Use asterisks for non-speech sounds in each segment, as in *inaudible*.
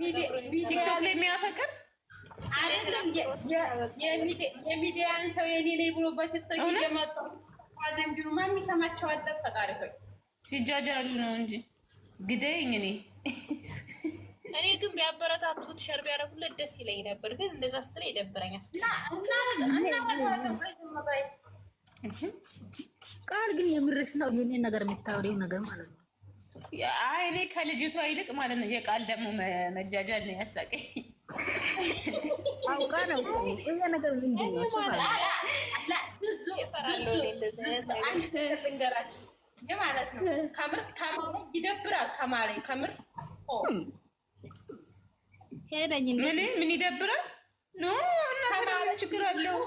ቲክቶክ ላይ የሚያፈቅር የሚዲያን ሰው የኔ ነኝ ብሎ በቲክቶክ እየመጡ ቢሉ ማን የሚሰማቸው አለ? ፈጣሪ ሆይ ሲጃጃሉ ነው እንጂ ግደኝ። እኔ እኔ ግን ቢያበረታቱት ሸር ቢያደርጉለት ደስ ይለኝ ነበር፣ ግን እንደዛ ስትል ይደብረኛል። ቃል ግን የምርሽ ነው የኔን ነገር የምታወሪው ነገር ማለት ነው አይ እኔ ከልጅቷ ይልቅ ማለት ነው የቃል ደግሞ መጃጃል ነው ያሳቀኝ። አውቃ ነው እዛ ነገር ምንድን ነው ማለት ነው። ከምር ከማለኝ ይደብራል። ከማለኝ ከምር ምን ይደብራል? ኖ እና ችግር አለው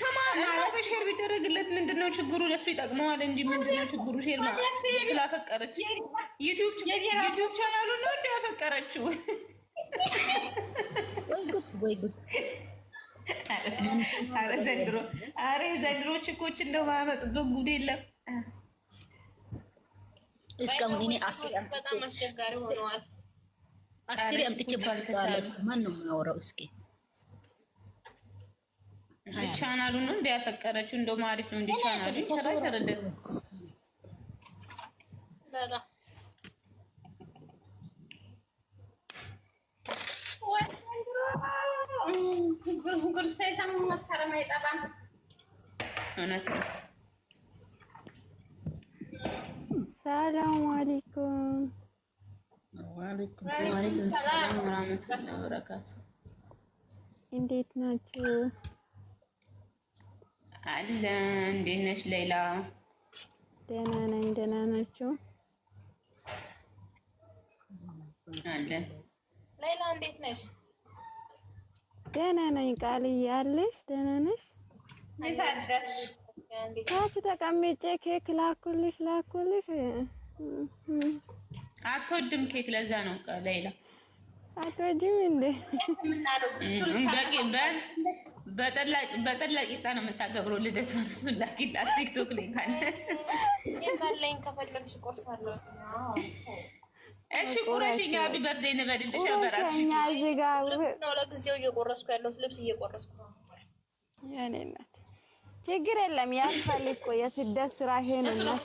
ተማና ሼር ቢደረግለት ምንድነው ችግሩ? ለሱ ይጠቅመዋል እንጂ ምንድነው ችግሩ? ሼር ማለት ስላፈቀረች ዩቲዩብ ቻናሉ ነው እንደ ያፈቀረችው። ወይ ጉድ ወይ ጉድ! አረ ዘንድሮ አረ ዘንድሮ ችኮች እንደው ማመጡበት ጉድ የለም። እስካሁን እኔ አስር በጣም አስቸጋሪ ሆነዋል። አስር አምጥቼ ባልታለ ማን ነው የሚያወራው እስኪ ቻናሉን ነው ያፈቀረችው እንደውም አሪፍ ነው። እንዲ ቻናሉ ይሸራሸርልን ሰላም አለይኩም ወአለይኩም ሰላም ወራህመቱላሂ ወበረካቱ። እንዴት ናችሁ? አለ እንዴት ነሽ ሌላ? ደህና ነኝ። ደህና ናቸው አለ ሌላ እንዴት ነሽ? ደህና ነኝ። ቃልዬ አለሽ? ደህና ነሽ? ታች ተቀምጬ ኬክ ላኩልሽ ላኩልሽ። አትወድም ኬክ፣ ለዛ ነው ሌላ አትወጂም እንዴ? በጠላ ቂጣ ነው የምታገብረው። ልደት እሱን ላኪላት ቲክቶክ ላይ ካለኝ ከፈለግሽ ቆርሳለሁ። እሺ ቁረሽኛ በርዴ እንበልልሽ። ነው ለጊዜው እየቆረስኩ ያለሁት ልብስ እየቆረስኩ ነው። የእኔ እናት ችግር የለም ያልፋል እኮ የስደት ስራ ይሄን እናት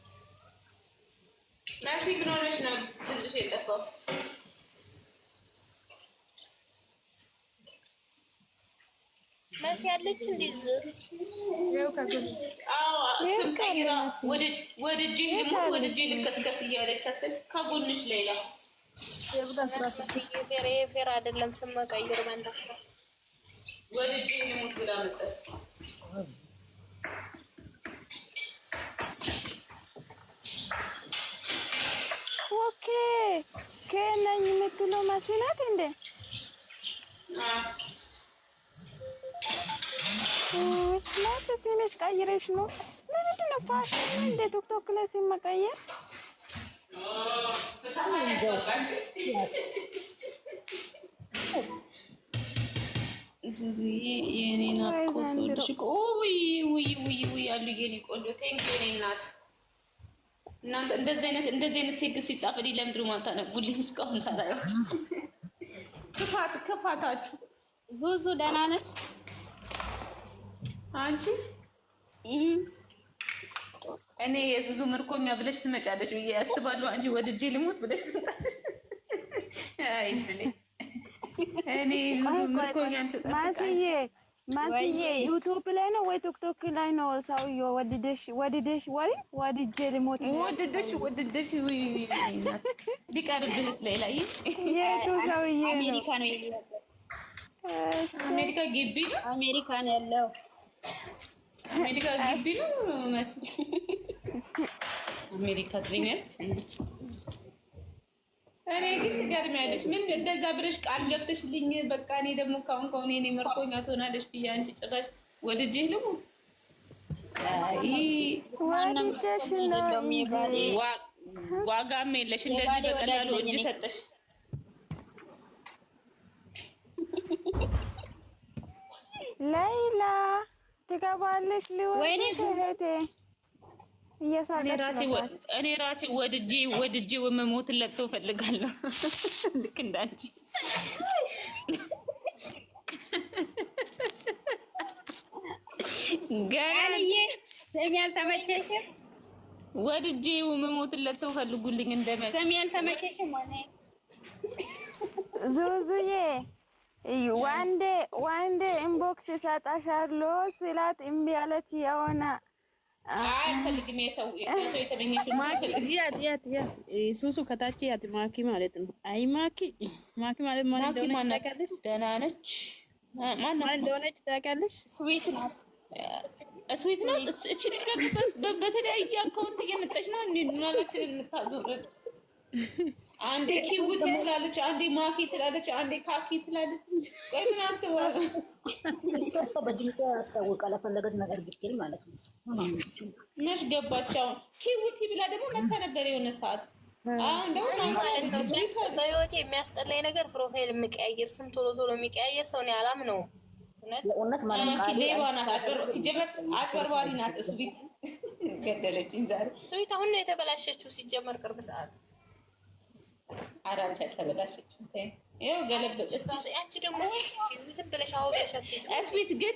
ናሲ ምን ሆነች ነው ትንሽ የጠፋው? ናሲ ያለች እንዲዝ ስም ቀይራ ወደ እጄ ልሙት ወደ እያለች ስል ከጎንሽ ሌላ ፌር አይደለም ስም መቀይር ወደ እጄ ልሙት ብላ መጣች። ኦኬ ከነኝ የምትለው ማሲናት እንደ ማስ ሲሜሽ ቀይረሽ ነው። ምንድን ነው ፋሽን ነው እንደ ቲክቶክ ላይ ሲም መቀየር የኔ ናት። ቆሶች ውይ ውይ ውይ ውይ አሉ የኔ ቆንጆ ቴንክ የኔ ናት እናንተ እንደዚህ አይነት እንደዚህ አይነት ቴግ ሲጻፍ ለምድሩ ማታ ነው የማታነቡልኝ? እስካሁን ታዲያ ክፋት ክፋታችሁ። ዙዙ ደህና ነሽ አንቺ? እኔ የዙዙ ምርኮኛ ብለሽ ትመጫለሽ ብዬ ያስባሉ። አንቺ ወድጄ ልሞት ብለሽ ትመጣለሽ። አይ እኔ የዙዙ ምርኮኛ ማስዬ ማስዬ ዩቱብ ላይ ነው ወይ ቲክቶክ ላይ ነው? ሰውዬው ወድደሽ ወድደሽ ወይ ወድጄ ልሞት ወድደሽ ወድደሽ ቢቀርብንስ ሌላ የቱ ሰውዬ አሜሪካ ነው ያለው። አሜሪካ ግቢ ነው። አሜሪካ ነው ያለው። አሜሪካ ግቢ ነው። አሜሪካ ትሪነት እኔ ግን ትገርሚያለሽ። ምን እንደዛ ብለሽ ቃል ገብተሽልኝ በቃ እኔ ደግሞ ካሁን ከሆነ እኔ መርኮኛ ትሆናለሽ ብዬ አንቺ ጭራሽ ወድጄ ልሙት ዋጋም የለሽ። እንደዚህ በቀላሉ እጅ ሰጠሽ። ሌይላ ትገባለሽ ሊወ እኔ ራሴ ወድጄ ወድጄ የምሞትለት ሰው ፈልጋለሁ። *laughs* ልክ እንዳንቺ ገናዬ ስሚ አልተመቸሽም። ወድጄ የምሞትለት ሰው ፈልጉልኝ። እንደመ ስሚ አልተመቸሽም። ዙዙዬ ዋንዴ ዋንዴ ኢንቦክስ ይሰጣሻለሁ ስላት እምቢ አለች የሆነ ሱሱ ከታች ያት ማኪ ማለት ነው። አይ ማኪ ማኪ ማለት ደህና ነች። ማን እንደሆነች ታውቂያለሽ? ስዊት ናት። ስዊት ናት። እች ልጅ በተለያየ አካውንት እየመጣች ነው። አንዴ ኪውት ትላለች፣ አንዴ ማኪ ትላለች፣ አንዴ ካኪ ትላለች። ወይ ምን አስባለ በድምፅ ያስታወቃ ለፈለገች ነገር ብትል ማለት ነው። መች ገባች? አሁን ኪውቲ ብላ ደግሞ መታ ነበር የሆነ ሰዓት በህይወት የሚያስጠላኝ ነገር ፕሮፋይል የሚቀያየር ስም ቶሎ ቶሎ የሚቀያየር ሰው እኔ ነው። እውነት ማለት ሌባ ናት። ሲጀመር አጭበርባሪ ናት። እስዊት ገደለችኝ ዛሬ። እስዊት አሁን ነው የተበላሸችው። ሲጀመር ቅርብ ሰዓት አራንቺ አልተበላሸችም። ይኸው ገለበጠች። ደግሞ ዝም ብለሽ እስቢት ግን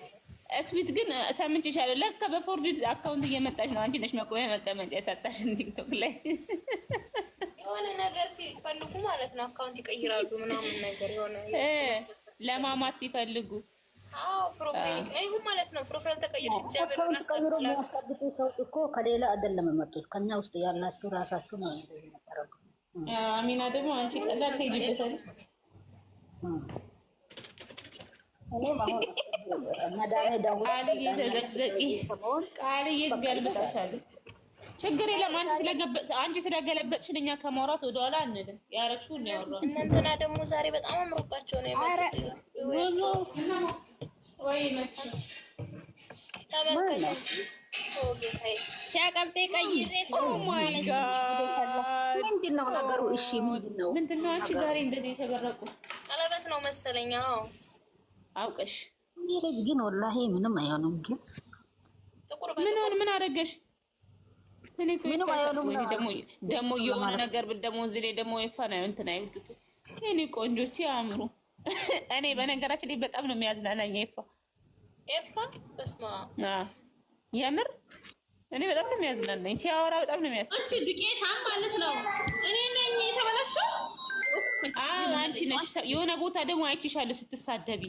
እስቢት ግን ሰምቼሻለሁ። ለካ በፎርድ አካውንት እየመጣሽ ነው። አንቺ ነሽ መቆሚያ መቀመጫ የሳጣሽን ቲክቶክ ላይ የሆነ ነገር ሲፈልጉ ማለት ነው አካውንት ይቀይራሉ ምናምን ነገር የሆነ ለማማት ሲፈልጉ ፕሮፋይል ይሁን ማለት ነው። ፕሮፋይል ተቀይርሽ እግዚአብሔር ቀይሮ ሰው እኮ ከሌላ አይደለም የመጡት ከኛ ውስጥ ያላችሁ ራሳችሁ ነው። አሚና ደግሞ አንቺ ቀላል ትሄጂበታለሽ። ችግር የለም። አንቺ ስለገለበጥሽን እኛ ከማውራት ወደኋላ አንልም። ያረግሽው እናወራለን። እናንተና ደግሞ ዛሬ በጣም አምሮባቸው ነው ተመከ ሲያቀብጤ ቀይሬ ምንድን ነው ነገሩ? እሺ ምንድን ነው ምንድን ነው? አንቺ ዛሬ እንደዚህ የተበረቁት ቀለበት ነው መሰለኝ። አዎ አውቀሽ ይሄ ግን ወላሂ ምንም አይሆንም። ግን ምን ሆነ? ምን አደረገሽ? እኔ እኮ ደግሞ ደግሞ የሆነ ነገር ደግሞ እዚህ ላይ ደግሞ የፋና እንትን አይወዱት። እኔ ቆንጆ ሲያምሩ *laughs* እኔ በነገራችን ላይ በጣም ነው የሚያዝናናኝ ኤፋ ኤፋ በስማ የምር እኔ በጣም ነው የሚያዝናናኝ። ሲያወራ በጣም ነው የሚያስ አንቺ ዱቄታም ማለት ነው። እኔ ነኝ የተበላሸው። አዎ አንቺ ነሽ። የሆነ ቦታ ደግሞ አይችሻለሁ ስትሳደቢ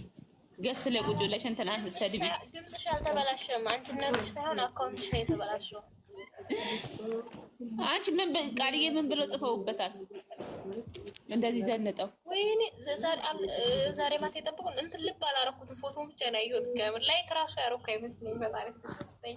ገስ ለጉዶ ላይ እንትና ስትሳደቢ ድምፅሽ አልተበላሸም። አንቺነትሽ ሳይሆን አካውንትሽ ነው የተበላሸው። አንቺ ምን ቃልዬ ምን ብለው ጽፈውበታል? እንደዚህ ዘንጠው ወይኔ ዛሬ ማታ የጠብቁን እንትን ልብ አላረኩትም። ፎቶን ብቻ ነው ያየሁት። ከምር ላይ ራሱ ያረኩ አይመስለኝ በጣም ደስተኛ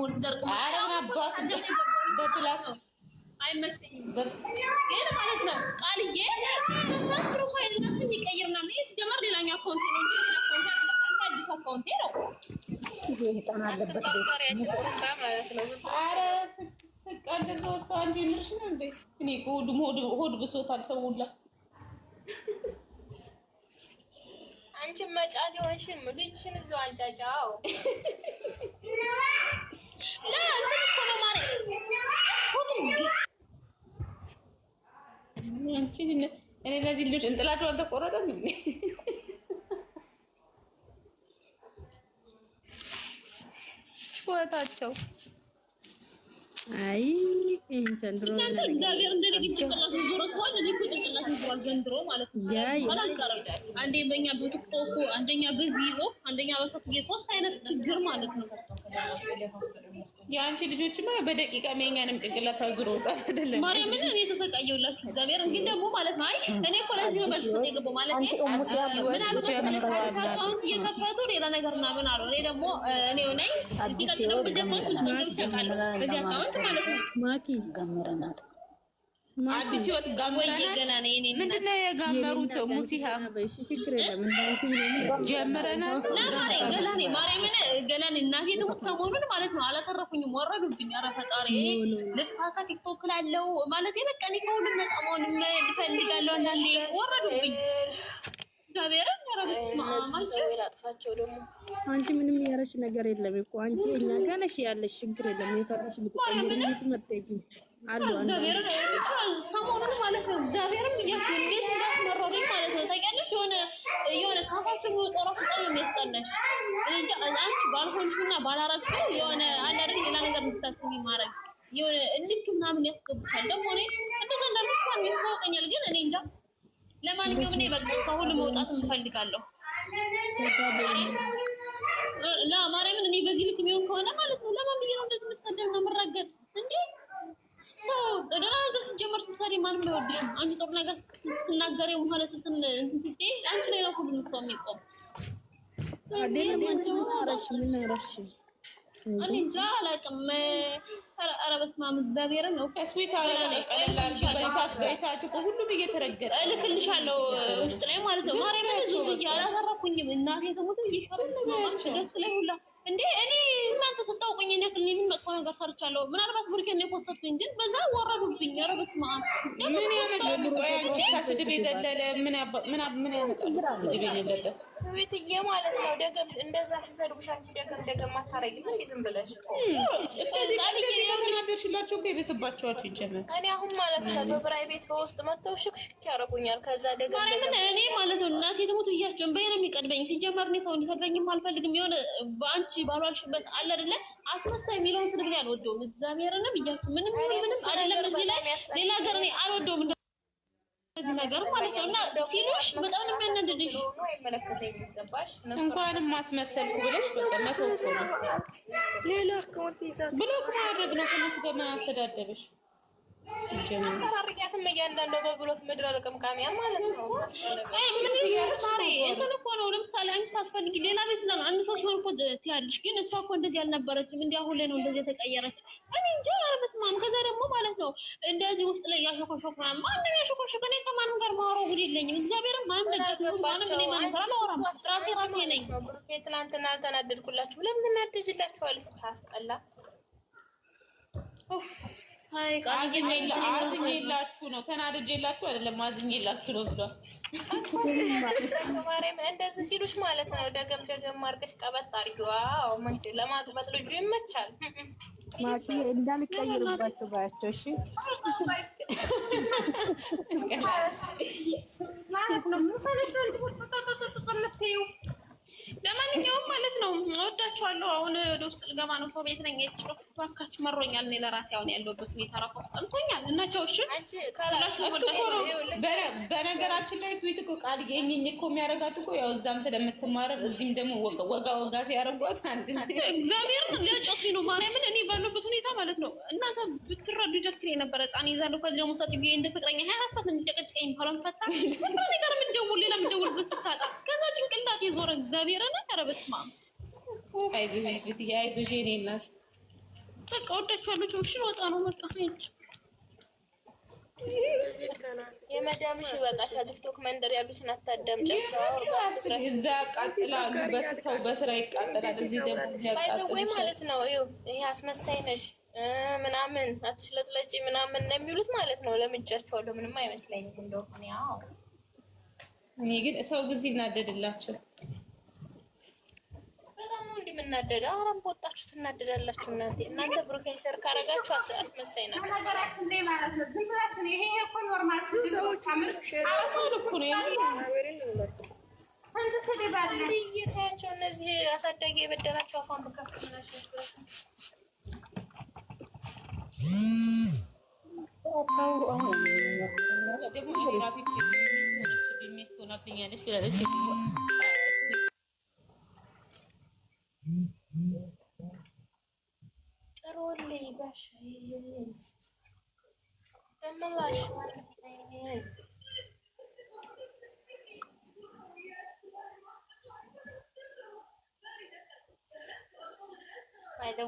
ሞልስ ደርቆ *laughs* አይመቸኝም ማለት ነው ቃልዬ ሳትሮ ፋይናንስ የሚቀይር ምናምን ይህ ሲጀመር ሌላኛው አካውንቴ ነው እንጂ አዲስ አካውንቴ ነው። ህፃን አለበት ኧረ ስቀልድ የምልሽ ነው እንዴ? እኔ ሆድም ሆድ ብሶታል ሰው ሁላ አንቺን መጫት የሆንሽን ልጅሽን እዛው አንጫጫው *laughs* እኔ እነዚህ ልጆች እንጥላቸው አልተቆረጠም። ጩኸታቸው አይ ይሄን ዘንድሮ እግዚአብሔር እንደ ልጅ ጭንቅላት አንዴ በእኛ በቲክቶክ አንደኛ በዚህ ይዞ አንደኛ በሶስት ሶስት አይነት ችግር ማለት ነው። የአንቺ ልጆችማ በደቂቃ መኛንም ጭንቅላት አዙሮ ወጣል። አይደለም ማርያምን እኔ የተሰቃየሁላችሁ እግዚአብሔር ግን ደግሞ ማለት ነው። አይ እኔ እኮ ለዚህ ነው መልስ የገባው ማለት ነው። እየከፈቱ ሌላ ነገር ምናምን አሉ። እኔ ደግሞ እኔ ነኝ ሲቀጥለው ደግሞ ብዙ ገብቻቃለሁ በዚህ አካውንት ማለት ነው ማኪ ገምረናል አዲስ ህይወት ጋሞዬ ምንድን ነው የጋመሩት? ሙሲሃ ጀምረናል። ማርያምን እናቴ ትሙት ሰሞኑን ማለት ነው አላተረፉኝም፣ ወረዱብኝ። ኧረ ፈጣሪ ቲክቶክ ላለው ማለት በቃ እኔ ከሁሉም ነፃ መሆን እፈልጋለሁ። አንዳንዴ ወረዱብኝ። አንቺ ምንም ያረሽ ነገር የለም እኮ አንቺ እኛ ጋር ነሽ ያለሽ ችግር የለም። የፈራሽ ልትቀይሪ ምንም ሰሞኑን ማለት ነው እግዚአብሔርም እንዴት እንዳስመረሩኝ ማለት ነው። ታውቂያለሽ የሆነ የሆነ ካፋቸው ጠራፍ ጠር የሚያስጠላሽ አንቺ ባልሆንሽና ባላረግሽው የሆነ አንድ አይደል ሌላ ነገር እንድታስቢ ማድረግ የሆነ ልክ ምናምን ያስገቡታል። ደግሞ እኔ እንደዛ እንዳልኩሽ ማንም ግን እኔ እንጃ። ለማንኛውም እኔ በቃ ከሁሉ መውጣት እንፈልጋለሁ። ለማርያምን እኔ በዚህ ልክ የሚሆን ከሆነ ማለት ነው ለማን ብዬ ነው እንደዚህ የምትሰደብ ነው የምረገጥ እንዴ? ነገር ስትጀመር ስትሰሪ ማንም አይወድሽም። አንቺ ጥሩ ነገር ስትናገሪው ሆነ እንትን ስትይ አንቺ ላይ ነው ሁሉም ሰው የሚቆም። እኔ እንጃ አላውቅም። ኧረ በስመ አብ እግዚአብሔርን ነው ሁሉም እየተረገጠ እልክልሻለሁ ውስጥ ላይ ማለት ነው። ማርያምን ብዙ ብዬሽ አላተረኩኝም እናቴ ተሞት ብዬሽ ገጽ ላይ ሁላ እንደ እኔ እናንተ ስታውቁኝ እኔ ክል ምን መጥፎ ነገር ሰርቻለሁ? ምናልባት ብሩኬን የፖሰትኩኝ ግን በዛ ወረዱብኝ። ኧረ በስመ አብ ምን ያመጣል? ከስድብ የዘለለ ምን ያመጣል? ስድብ የሌለበት ትዊትዬ ማለት ነው። ደገም እንደዛ ሲሰድቡሽ አንቺ ደገም ደገም አታረጊም ምን ዝም ብለሽ ሽላቸው እኮ የቤስባቸዋቸው ይጀመር እኔ አሁን ማለት ነው በፕራይቬት ቤት በውስጥ መጥተው ሽክሽክ ያደረጉኛል። ከዛ ደገም እኔ ማለት ነው እናቴ ትሙት ብያቸው በይ ነው የሚቀድበኝ። ሲጀመር እኔ ሰው እንዲሰድበኝም አልፈልግም። የሆነ በአንቺ ባሏልሽበት አለ አለ አይደለ? አስመሳይ የሚለውን ስድብ ላይ አልወደውም። እግዚአብሔርንም እያችሁ ምንም ምንም አይደለም። እዚህ ላይ ሌላ ነገር እኔ አልወደውም እንደዚህ ነገር ማለት ነው። እና ሲሉሽ በጣም ነው የሚያናድድሽ። እንኳንም አስመሰልኩ ብለሽ በቃ መተው እኮ ነው። ሌላ አካውንት ይዛት ብሎክ ማድረግ ነው ከነሱ ጋር ማያሰዳደብሽ አስፈራርጊያትም እያንዳንዱ በብሎት ምድረ ልቅምቃሚያ ማለት ነው። እንትን እኮ ነው። ለምሳሌ አንቺ ሳትፈልጊ ሌላ ቤት ለምን አንድ ሰው ሲሆን እኮ ትያለሽ። ግን እሷ እኮ እንደዚህ አልነበረችም። እንዲህ አሁን ላይ ነው እንደዚህ የተቀየረች። እኔ እንጃ። ኧረ ከዛ ደግሞ ማለት ነው እንደዚህ ውስጥ ላይ ያሾኮሾክ ምናምን ማንም ያሾኮሾክ። እኔ ከማንም ጋር ማወራው ጉድ የለኝም። እግዚአብሔርን ማንም ደግሞ ማንም ራሴ ራሴ ነኝ። ትናንትና አልተናደድኩላችሁ። ለምን እናደጅላችኋል? ስታስጠላ አዝኜላችሁ ነው ተናድጄላችሁ አይደለም፣ አዝኜላችሁ ነው ብሏል። ማርያም እንደዚህ ሲሉሽ ማለት ነው። ደገም ደገም አድርገሽ ቀበጥ አድርጊዋ። ለማግበጥ ልጁ ይመቻል። ማቲ እንዳልቀይርባችሁ ባያቸው። እሺ ማለት ነው ለማንኛውም ማለት ነው ወዳችኋለሁ። አሁን ወደ ውስጥ ልገባ ነው፣ ሰው ቤት ነኝ። የጭሮፍ ባካችሁ መሮኛል። እኔ ለራሴ አሁን ያለሁበት ሁኔታ ራሱ አስጠልቶኛል። እናቸውሽ በነገራችን ላይ ስዊት እኮ ቃል የኝኝ እኮ የሚያደርጋት እኮ ያው እዛም ስለምትማረር እዚህም ደግሞ ወጋ ወጋ ሲያደርጓት አንድ እግዚአብሔር ሊያጨሱ ነው ማርያምን። እኔ ባለሁበት ሁኔታ ማለት ነው እናንተ ብትረዱ ደስ ይለኝ ነበረ። ህፃን ይዛለሁ ከዚህ ደግሞ ሰት እንደ ፍቅረኛ ሀያ ሀሳብ እንጨቀጭቀኝ ባሏን ፈታ ነገር ምደውል ሌላ ምደውል ብስታጣ ጭራሽ የዞረ እግዚአብሔርን ኧረ በስመ አብ። አይዞሽ በቃ ወዳችኋለሁ። ወጣ ነው መጣ አይጭ የመዳምሽ ይበቃሻል። ቲክቶክ መንደር ያሉትን አታዳምጫቸው። እዛ ያቃጥላሉ፣ በሰው በስራ ይቃጠላል። እዚህ ደግሞ ማለት ነው። ይሄ አስመሳይ ነሽ ምናምን አትሽለጥለጪ ምናምን ነው የሚሉት ማለት ነው። ለምጃቸዋለሁ። ምንም አይመስለኝም እንደሆነ ያው እኔ ግን ሰው ጊዜ የምናደደ አረም በወጣችሁ ትናደዳላችሁ። እናንተ እናንተ ብሩኬን ሰር ካረጋችሁ አስመሳይ ናችሁ። እየታያቸው እነዚህ አሳዳጊ የበደላቸው አፏን በከፍት ሆናብኛለች ደግሞ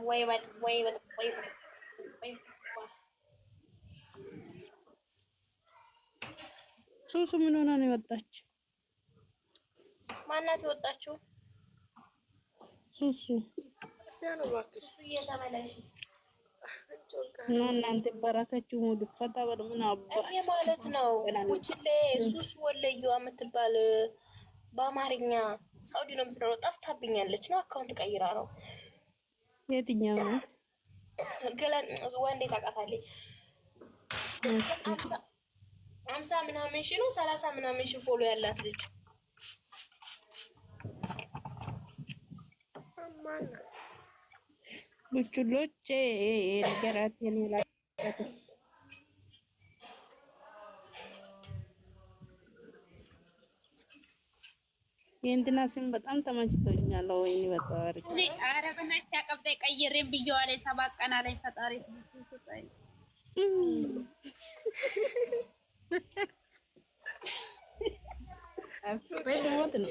ወይ ሱሱ ምን ሆና ነው የወጣች? ማናት የወጣችው? እናንተ በራሳችሁ ሙድ ፈታ በሉ። ምን አባት ማለት ነው? ውጭሌ ሱስ ወለየዋ የምትባል በአማርኛ ሳኡዲ ነው የምትኖረው። ጠፍታብኛለች ነው አካውንት ቀይራ ነው። የትኛው ነው? ገለን ዋንዴ ታውቃታለች። አምሳ ምናምን ሺ ነው ሰላሳ ምናምን ሺ ፎሎ ያላት ልጅ ቡችሎች ነገራት የኔላ የእንትና ስም በጣም ተመችቶኛል። ወይኔ በጣም አረብና ሲያቀብጠኝ ቀይሬን ብየዋለሁ። ሰባት ቀን አለኝ ፈጣሪ ሞት ነው።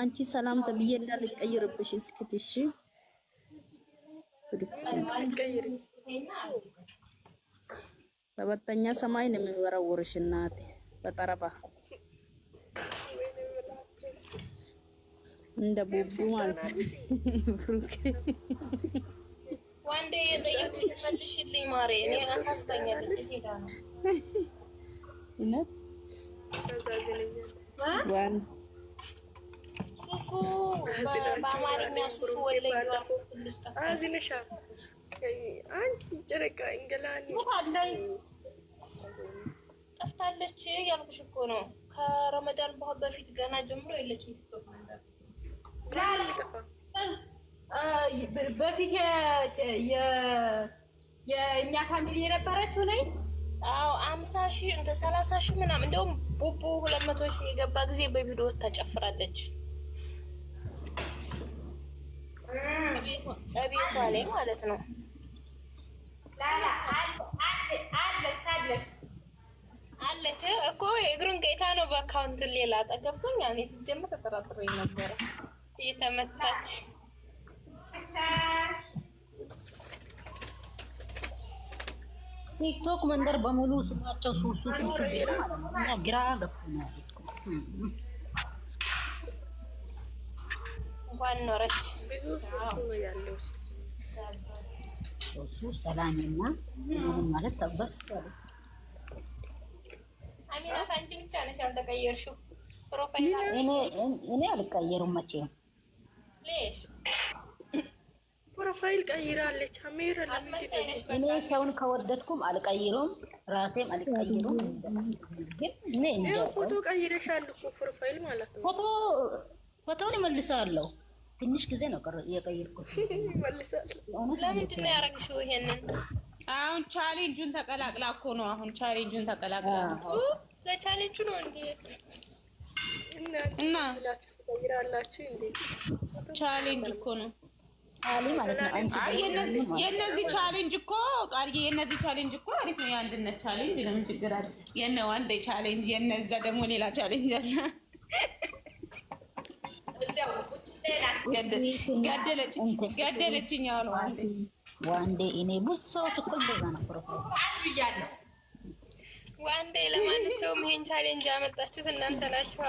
አንቺ ሰላም ተብዬ እንዳልቀይርብሽ እስክትሽ በበጠኛ ሰማይ ነው የሚወረውርሽ እናቴ በጠረባ እንደ ቦብሲ ማለት ብሩክ ዋንዴ የጠየቁሽ መልሽልኝ ማሬ እኔ አሳስባኛለች ሄዳ ነው ሱሱ በአማርኛ ሱሱ ወለዩ አዝነሻ አንቺ ጨረቃ እንገላኒ ጠፍታለች ያልኩሽ እኮ ነው። ከረመዳን በፊት ገና ጀምሮ የለችም። በፊት የእኛ ፋሚሊ የነበረችው ነኝ አዎ አምሳ ሺህ እንደ ሰላሳ ሺ ምናምን እንደውም ቡቡ ሁለት መቶ ሺህ የገባ ጊዜ በቪዲዮ ታጨፍራለች ቤቷ ላይ ማለት ነው። አለች እኮ የእግሩን ቀይታ ነው በአካውንት ሌላ ጠገብቶኝ እኔ ሲጀምር ተጠራጥሮኝ ነበረ የተመታች ቲክቶክ መንደር በሙሉ ስማቸው ሱሱ ሱሱ ነው እና ግራ ገብቶኛል። እንኳን ኖረች ሰላምና ምንም ማለት ተበስ አሚና አንቺ ብቻ ነሽ ያልተቀየርሽው። ፕሮፋይል እኔ እኔ አልቀየሩም መቼም ሌሽ ፕሮፋይል ቀይራለች። አሜር እኔ ሰውን ከወደድኩም አልቀይሩም፣ ራሴም አልቀይሩም። ፎቶ ቀይረሻል እኮ ፕሮፋይል ማለት ነው። ፎቶ ፎቶውን እመልሳለሁ። ትንሽ ጊዜ ነው የቀየርኩት። *laughs* ለምንድን ነው ያደረግሽው ይሄንን? አሁን ቻሌንጁን ተቀላቅላ እኮ ነው። አሁን ቻሌንጁን ተቀላቅላ ለቻሌንጁ ነው እንዴ? እና ቻሌንጅ እኮ ነው ማለት ነው። የእነዚህ ቻሌንጅ እኮ ቃልዬ የእነዚህ ቻሌንጅ እኮ አሪፍ ነው። የአንድነት ቻሌንጅ ለምን ችግር አለ? የነ ዋንዴ ቻሌንጅ፣ የነዛ ደግሞ ሌላ ቻሌንጅ አለ። ገደለችኝ ያሉ ዋንዴ እኔ ብዙ ሰዎች እኮ እንደዛ ነበረ ብያለሁ። ዋንዴ ለማንቸውም ይሄን ቻሌንጅ ያመጣችሁት እናንተ ናቸው።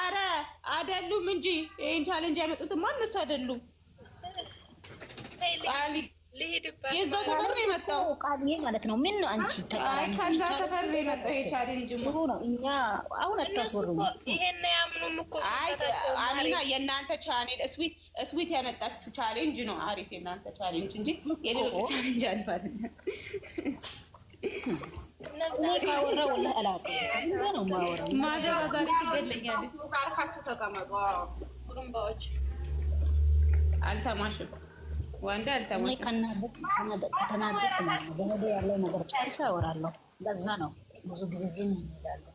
አረ አይደሉም እንጂ ይህን ቻለንጅ ያመጡት ማነሱ አይደሉም። የዛ ሰፈር ነው የመጣው ቃልዬ ማለት ነው። ምን ነው አንቺ ተቃራኒ ከዛ ሰፈር ነው የመጣው የቻሌንጅ ሙሉ ነው። እኛ አሁን አታስወሩ። ይሄን ያምኑም እኮ አሚና፣ የእናንተ ቻኔል እስዊት እስዊት ያመጣችሁ ቻሌንጅ ነው አሪፍ፣ የእናንተ ቻሌንጅ እንጂ የሌሎች ቻሌንጅ አልፋለ አልሰማሽም። ዋንዳ አልሰማሽም። ያለው ነገር ጨርሼ አወራለሁ። በዛ ነው ብዙ ጊዜ ዝም እላለሁ።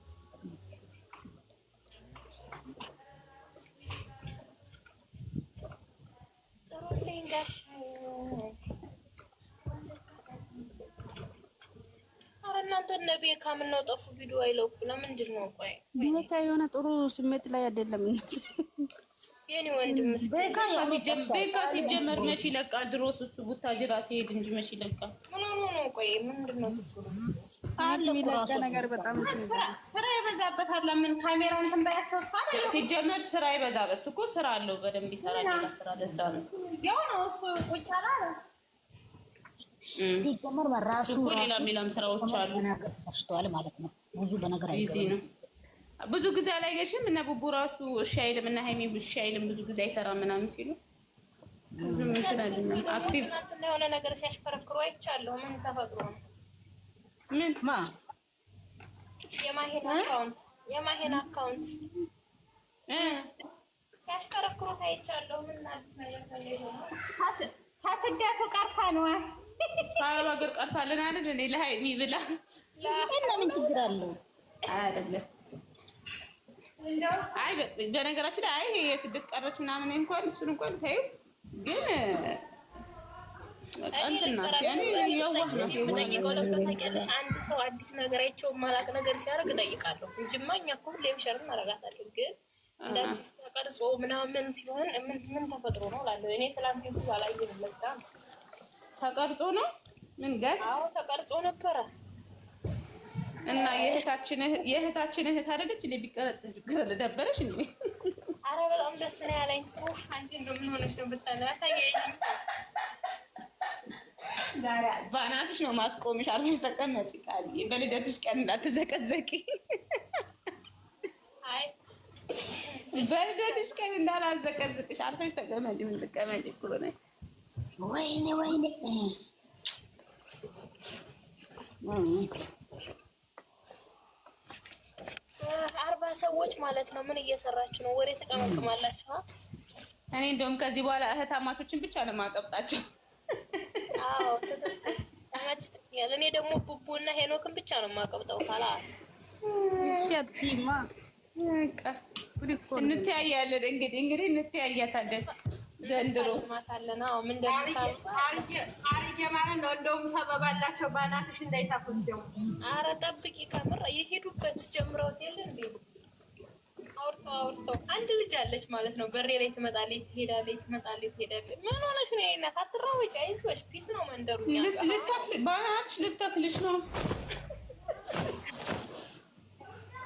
ጥሩ ልኝ ጋሽ እናንተ እነ ቤካ ምነው ጠፉ? ቪዲዮ አይለቁ ለምንድን ነው? ቆይ ቤካ የሆነ ጥሩ ስሜት ላይ አይደለም። የኔ ወንድም ቤካ ሲጀመር መች ይለቃል? ድሮስ እሱ ቡታጅራ ሲሄድ እንጂ መች ይለቃል? ምን ሆኖ ነው? ቆይ ምንድን ነው ስራ ይበዛበታል። ለምን ካሜራ እንትን ባያቸው ሲጀመር ስራ ይበዛበት እኮ ስራ አለው በደንብ ይሰራል። ስራ ለዛ ነው የሆነ እሱ ቁጭ አላ ሲጀመር ራሱ ሌላም ስራዎች አሉ ተሽተዋል ማለት ነው። ብዙ በነገር ብዙ ጊዜ አላየሽም። እና ቡቡ ራሱ እሺ አይልም እና ሀይሚ እሺ አይልም። ብዙ ጊዜ አይሰራም ምናምን ሲሉ አክቲቭ የሆነ ነገር ሲያሽከረክሩ አይቻለሁ። ምን ተፈጥሮ ነው? ምን ማ የማሄን አካውንት የማሄን አካውንት ሲያሽከረክሩት አይቻለሁ። ምን አዲስ ነገር ቀርታ ነዋ ከአረብ ሀገር ቀርታለን አይደል? እኔ ለሀይሚ ብላ እና ምን ችግር አለው? አይደለም አይ በነገራችን ላይ አይ የስደት ቀረች ምናምን እንኳን እሱን እንኳን ተይው፣ ግን አንድ ሰው አዲስ ነገር አይቼው ማላቅ ነገር ሲያደርግ እጠይቃለሁ እንጂማ እኛ እኮ ሁሌም ሸር እናደርጋታለን። ግን እንደ አዲስ ተቀርጾ ምናምን ሲሆን ምን ተፈጥሮ ነው እላለሁ እኔ ትላንት ባላየ ለዛ ተቀርጾ ነው ምን ገዝ? አዎ ተቀርጾ ነበረ። እና የእህታችን የእህታችን እህት አይደለች እንዴ? ቢቀረጽ ችግር ደበረሽ እንዴ? አረ በጣም ደስ ነው ያለኝ። ኡፍ አንቺ እንደምን ሆነሽ ነው ብታለ ዳራ ባናትሽ ነው ማስቆምሽ። አርፈሽ ተቀመጭ ቃል በልደትሽ ቀን እንዳትዘቀዘቂ። አይ በልደትሽ ቀን እንዳላዘቀዝቅሽ አርፈሽ ተቀመጭ። ምን ትቀመጭ እኮ ነው ወይኔ ወይኔ አርባ ሰዎች ማለት ነው። ምን እየሰራችሁ ነው? ወሬ ተቀመቅማላችሁ። እኔ እንደውም ከዚህ በኋላ እህታማቾችን ብቻ ነው የማቀብጣቸው። አዎ ትክክል እኔ ደግሞ ቡቡና ሄኖክን ብቻ ነው የማቀብጠው። ካላ እንተያያለን እንግዲህ እንግዲህ እንተያያታለን ዘንድሮ ልማት አለና ምን ማለት ነው። እንደውም ሰበብ አላቸው። ባናትሽ እንዳይታኩት ጀምሮ አረ ጠብቂ። ከምር የሄዱበት ጀምረውት የለ እንዴ? አውርቶ አውርቶ አንድ ልጅ አለች ማለት ነው። በሬ ላይ ትመጣለች፣ ትሄዳለች፣ ትመጣለች፣ ትሄዳለች። ምን ሆነሽ ነው? ይነት አትራወጭ፣ አይዞሽ፣ ፒስ ነው መንደሩ። ልተክልሽ ነው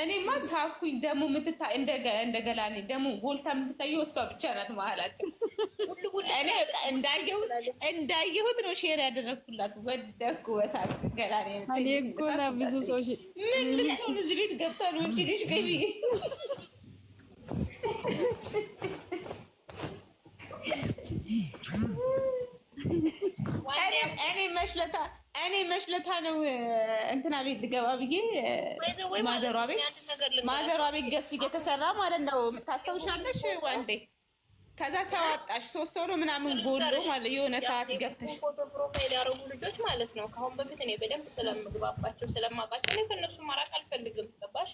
እኔማ ሳኩኝ። ደግሞ ምትታ እንደገላ ደግሞ ጎልታ የምትታየው እሷ ብቻ ናት መሀላቸው። እንዳየሁት ነው ሼር ያደረግኩላት። ወደኩ በሳቅ ገላ ጎላ ብዙ ሰዎች ምን እዚህ ቤት ገብታ ነው እንጂ ልጅ ገቢ እኔ መሽለታ እኔ መሽለታ ነው እንትና ቤት ልገባ ብዬ ማዘሯ ቤት ማዘሯ ቤት ገስ እየተሰራ ማለት ነው። ታስታውሻለሽ? ዋንዴ ከዛ ሰው አጣሽ ሶስት ሰው ምናምን ጎሎ ማለት የሆነ ሰዓት ገብተሽ ፎቶ ፕሮፋይል ያደረጉ ልጆች ማለት ነው። ከአሁን በፊት እኔ በደንብ ስለምግባባቸው ስለማውቃቸው እኔ ከእነሱ ማራቅ አልፈልግም። ገባሽ?